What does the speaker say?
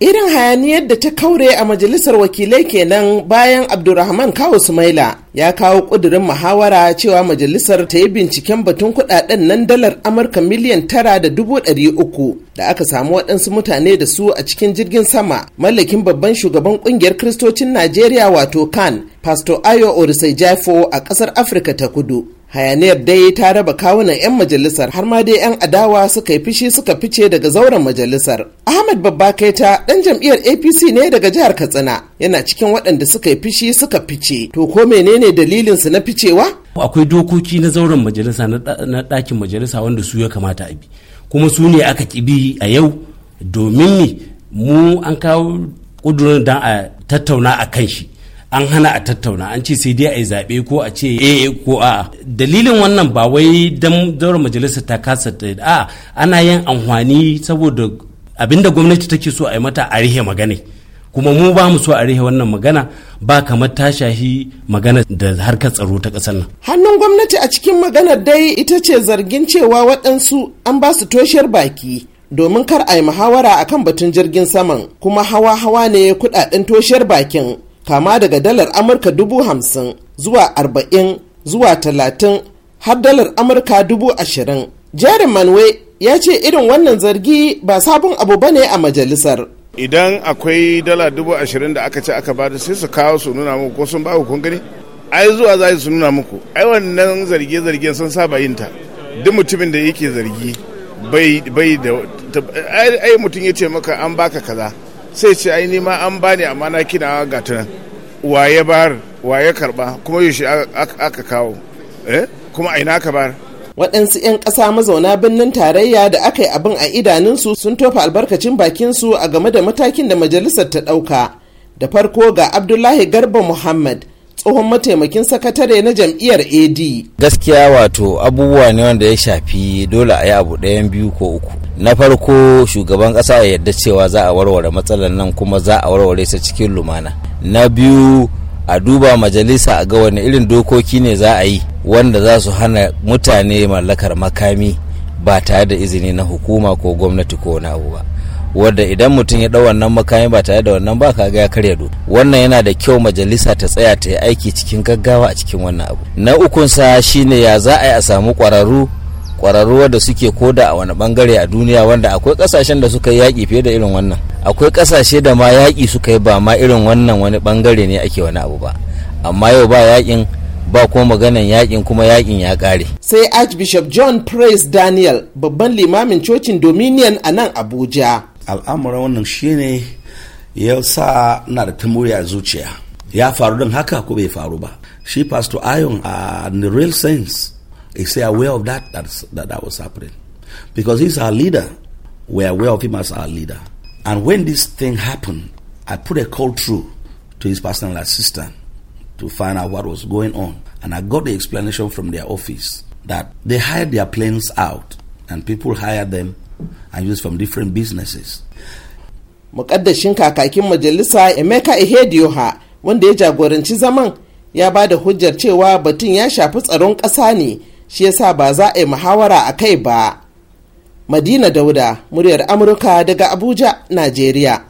Irin hayaniyar da ta kaure a majalisar wakilai kenan bayan Abdulrahman Kawo Sumaila ya kawo ƙudurin muhawara cewa majalisar ta yi binciken batun kudaden nan dalar Amurka miliyan tara da dubu ɗari uku da aka samu waɗansu mutane da su a cikin jirgin sama mallakin babban shugaban ƙungiyar kristocin Najeriya wato kan Pastor Ayo Orisai Jaifo a ƙasar Afirka ta Kudu. hayaniyar dai ta raba kawunan 'yan majalisar har ma dai 'yan adawa suka yi fishi suka fice daga zauren majalisar ahmad babba kaita dan jam'iyyar apc ne daga jihar katsina yana cikin waɗanda suka yi fishi suka fice to ko menene dalilin su na ficewa akwai dokoki na zauren majalisa na ɗakin majalisa wanda su ya kamata a bi kuma su ne aka kibi a yau domin mu an kawo ƙudurin dan a tattauna a kan shi an hana a tattauna an ce sai dai a yi zaɓe ko a ce eh, eh ko a dalilin wannan ba wai don daura majalisar ta kasa ta a ana yin amfani saboda abinda gwamnati take so a yi mata a rihe magana kuma mu ba mu so a rihe wannan magana ba kamar ta shahi magana da harkar tsaro ta ƙasar nan. Hannun gwamnati a cikin maganar dai ita ce zargin cewa waɗansu an ba su toshiyar baki domin kar a yi muhawara akan batun jirgin saman kuma hawa hawa ne kuɗaɗen toshiyar bakin kama daga dalar amurka dubu hamsin zuwa arba'in zuwa talatin har dalar amurka dubu ashirin jerry manwe ya ce irin wannan zargi ba sabon abu ba ne a majalisar idan akwai dala dubu ashirin da aka ce aka bada sai su kawo su nuna muku ko sun ba kun gani ai zuwa za su nuna muku ai wannan zarge-zargen sun saba yin ta duk mutumin da yake zargi bai da ai mutum ya ce maka an baka kaza sai ce ai nima an bani amma na kina ga tunan waye bar waye karba kuma yaushe aka kawo eh kuma aina ka bar waɗansu 'yan ƙasa mazauna birnin tarayya da aka yi abin a idanunsu sun tofa albarkacin bakinsu a game da matakin da majalisar ta ɗauka da farko ga abdullahi garba muhammad tsohon mataimakin sakatare na jam'iyyar ad gaskiya wato abubuwa ne wanda ya shafi dole a yi abu ɗayan biyu ko uku na farko shugaban ƙasa ya yarda cewa za a warware matsalar nan kuma za a warware sa cikin lumana na biyu a duba majalisa a ga wani irin dokoki ne za a yi wanda za su hana mutane mallakar makami ba tare da izini na hukuma ko gwamnati ko wani abu ba wadda idan mutum ya ɗau wannan makami ba tare da wannan ba kaga ya karya do wannan yana da kyau majalisa ta tsaya ta yi aiki cikin gaggawa a cikin wannan abu na ukunsa shine ya za a yi a samu ƙwararru da suke koda a wani bangare a duniya wanda akwai kasashen da suka yi yaƙi fiye da irin wannan akwai kasashe da ma yaƙi suka yi ba ma irin wannan wani bangare ne ake wani abu ba amma yau ba yaƙin ba kuma maganan yaƙin kuma yaƙin ya ƙare. sai archbishop john praise daniel babban limamin cocin dominion a nan abuja al'amuran wannan shine ya sa na da tamuri a zuciya ya faru don haka ko bai faru ba shi pastor ayon a in the real sense is aware of that that that was happening because he's our leader we're aware of him as our leader and when this thing happened i put a call through to his personal assistant to find out what was going on and i got the explanation from their office that they hired their planes out and people hired them and used from different businesses. Mukaddashin kakakin majalisa Emeka Ihedioha wanda ya jagoranci zaman ya ba da hujjar cewa batun ya shafi tsaron ƙasa ne shi yasa ba za a yi muhawara a kai ba. Madina Dauda, muryar Amurka daga Abuja, Najeriya.